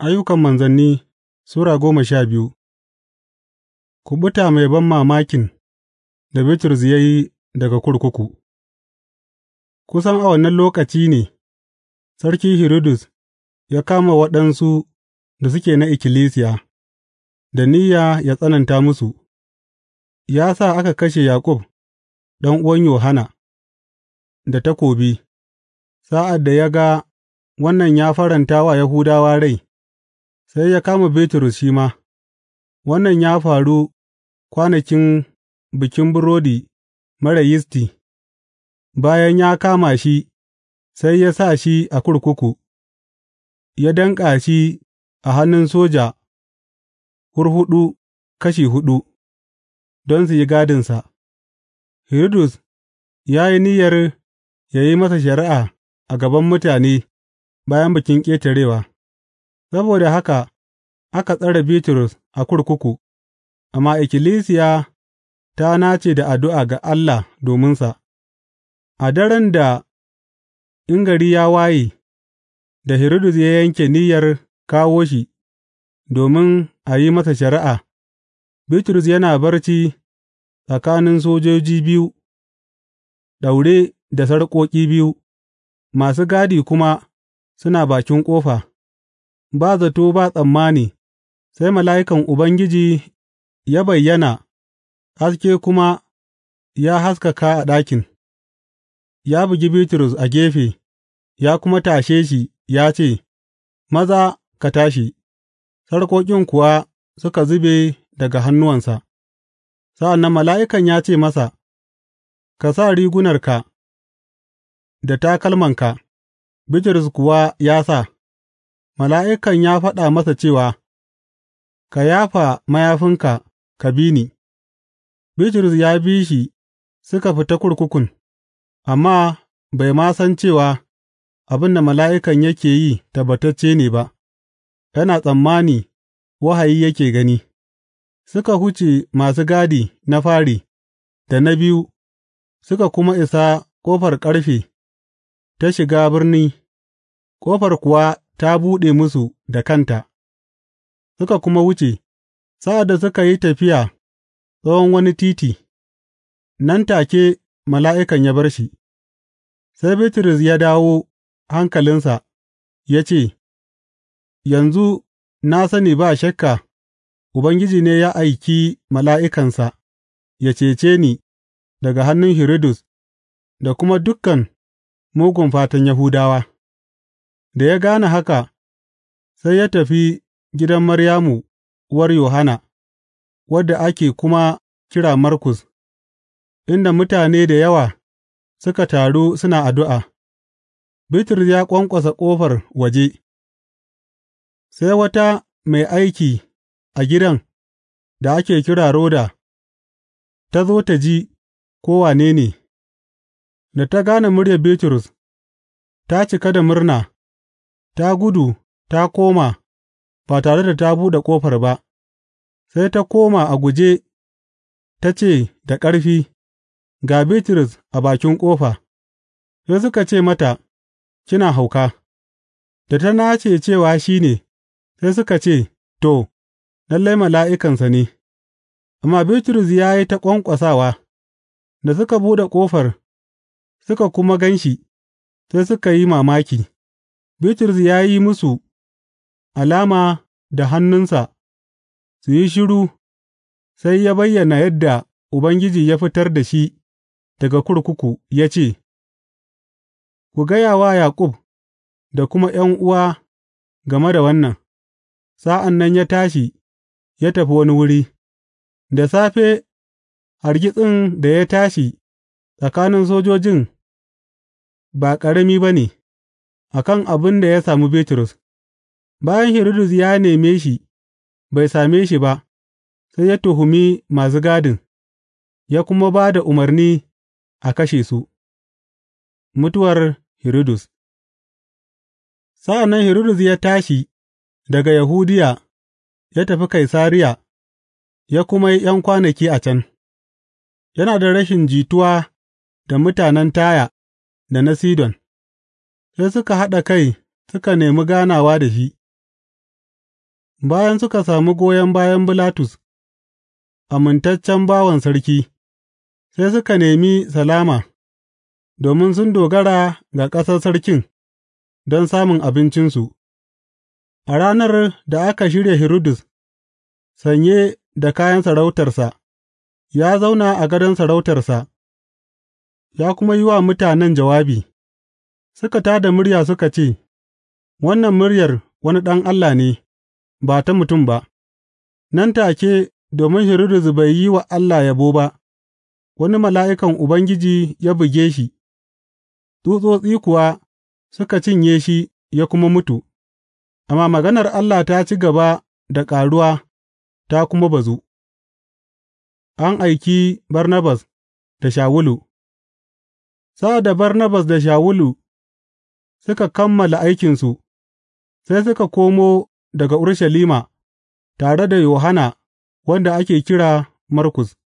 Ayyukan Manzanni Sura goma sha biyu Kuɓuta mai ban mamakin da Bitrus ya yi daga kurkuku Kusan a wannan lokaci ne, Sarki Hiridus ya kama waɗansu da suke na ikkilisiya, da niyya ya tsananta musu, ya sa aka kashe Yaƙub uwan Yohana. da takobi, sa'ad da ya ga wannan ya faranta wa Yahudawa rai. sai ya kama Bitrus shi ma Wannan ya faru kwanakin Bikin Burodi Marar Yisti, bayan ya kama shi, sai ya sa shi a kurkuku, ya danƙa shi a hannun soja hurhuɗu kashi huɗu, don su yi gadinsa. Hiridus ya yi niyyar ya yi masa shari'a a gaban mutane bayan Bikin Ƙetarewa. Saboda haka aka tsare Bitrus a kurkuku, amma ikkilisiya ta nace da addu'a ga Allah dominsa, A daren da in gari ya waye, da Hiridus ya yanke niyyar kawo shi domin a yi masa shari'a, Bitrus yana barci tsakanin sojoji biyu daure da sarƙoƙi biyu, masu gadi kuma suna bakin ƙofa. ba zato ba tsammani, sai mala'ikan Ubangiji ya bayyana, haske kuma ya haskaka a ɗakin, ya bugi Bitrus a gefe, ya kuma tashe shi ya ce, Maza ka tashi, sarƙoƙin kuwa suka zube daga hannuwansa. Sa'an nan mala'ikan ya ce masa, Ka sa rigunarka da takalmanka, Bitrus kuwa ya sa. Mala'ikan ya faɗa masa cewa, Ka yafa mayafinka ka bi ni, Bitrus ya bi shi suka fita kurkukun, amma bai ma san cewa abin da mala'ikan yake yi tabbatacce ne ba, yana tsammani wahayi yake gani, suka huce masu gadi na fari da na biyu suka kuma isa ƙofar ƙarfe ta shiga birni, ƙofar kuwa ta buɗe musu da kanta, suka kuma wuce, sa'ad da suka yi tafiya tsawon wani titi, nan take mala'ikan ya bar shi, sai Bitrus ya dawo hankalinsa ya ce, Yanzu na sani ba shakka Ubangiji ne ya aiki mala'ikansa ya cece ni daga hannun Hiridus da kuma dukan mugun fatan Yahudawa. Da ya gane haka, sai ya tafi gidan Maryamu uwar Yohanna, wadda ake kuma kira Markus, inda mutane da yawa suka taru suna addu'a, Bitrus ya ƙwanƙwasa ƙofar waje, sai wata mai aiki a gidan da ake kira Roda, ta zo ta ji ko wane ne, da ta gane muryar Bitrus, ta cika da murna. Ta gudu ta koma ba tare da ta buɗe ƙofar ba, sai ta koma a guje ta ce da ƙarfi, Ga Bitrus a bakin ƙofa, sai suka ce mata, Kina hauka, da ta nace cewa shi ne, sai suka ce, To, lalle mala'ikansa ne, amma Bitrus ya yi ta ƙwanƙwasawa, da suka buɗe ƙofar suka kuma gan shi, sai suka yi mamaki. Bitrus ya yi musu alama da hannunsa su yi shiru sai ya bayyana yadda Ubangiji ya fitar da shi daga kurkuku ya ce, Ku gaya wa Yaƙub da kuma uwa game da wannan, sa'an nan ya tashi ya tafi wani wuri, da safe hargitsin da ya tashi tsakanin sojojin ba ƙarami ba ne. a kan abin da ya sami Bitrus Bayan Hiridus ya neme shi bai same shi ba, sai ya tuhumi masu gadin, ya kuma ba da umarni a kashe su. Mutuwar Hiridus Sa'an nan Hiridus ya tashi daga Yahudiya ya tafi Kaisariya ya kuma yi ’yan kwanaki a can, yana da rashin jituwa da mutanen Taya da na Sidon. Sai suka haɗa kai suka nemi ganawa da shi, bayan suka sami goyon bayan Bilatus, amintaccen bawan sarki, sai suka nemi salama, domin sun dogara ga ƙasar sarkin don samun abincinsu, a ranar da aka shirya Hiridus sanye da kayan sarautarsa, ya zauna a gadon sarautarsa, ya kuma yi wa mutanen jawabi. Suka tā da murya suka ce, Wannan muryar wani ɗan Allah ne, ba ta mutum ba, nan take, domin Hiridus bai yi wa Allah yabo ba, wani mala'ikan Ubangiji ya buge shi, tsutsotsi kuwa suka cinye shi ya kuma mutu, amma maganar Allah ta ci gaba da ƙaruwa ta kuma bazu. An aiki Barnabas da Shawulu Sa'ad da Barnabas da Shawulu suka kammala aikinsu, sai suka komo daga Urushalima tare da Yohanna wanda ake kira Markus.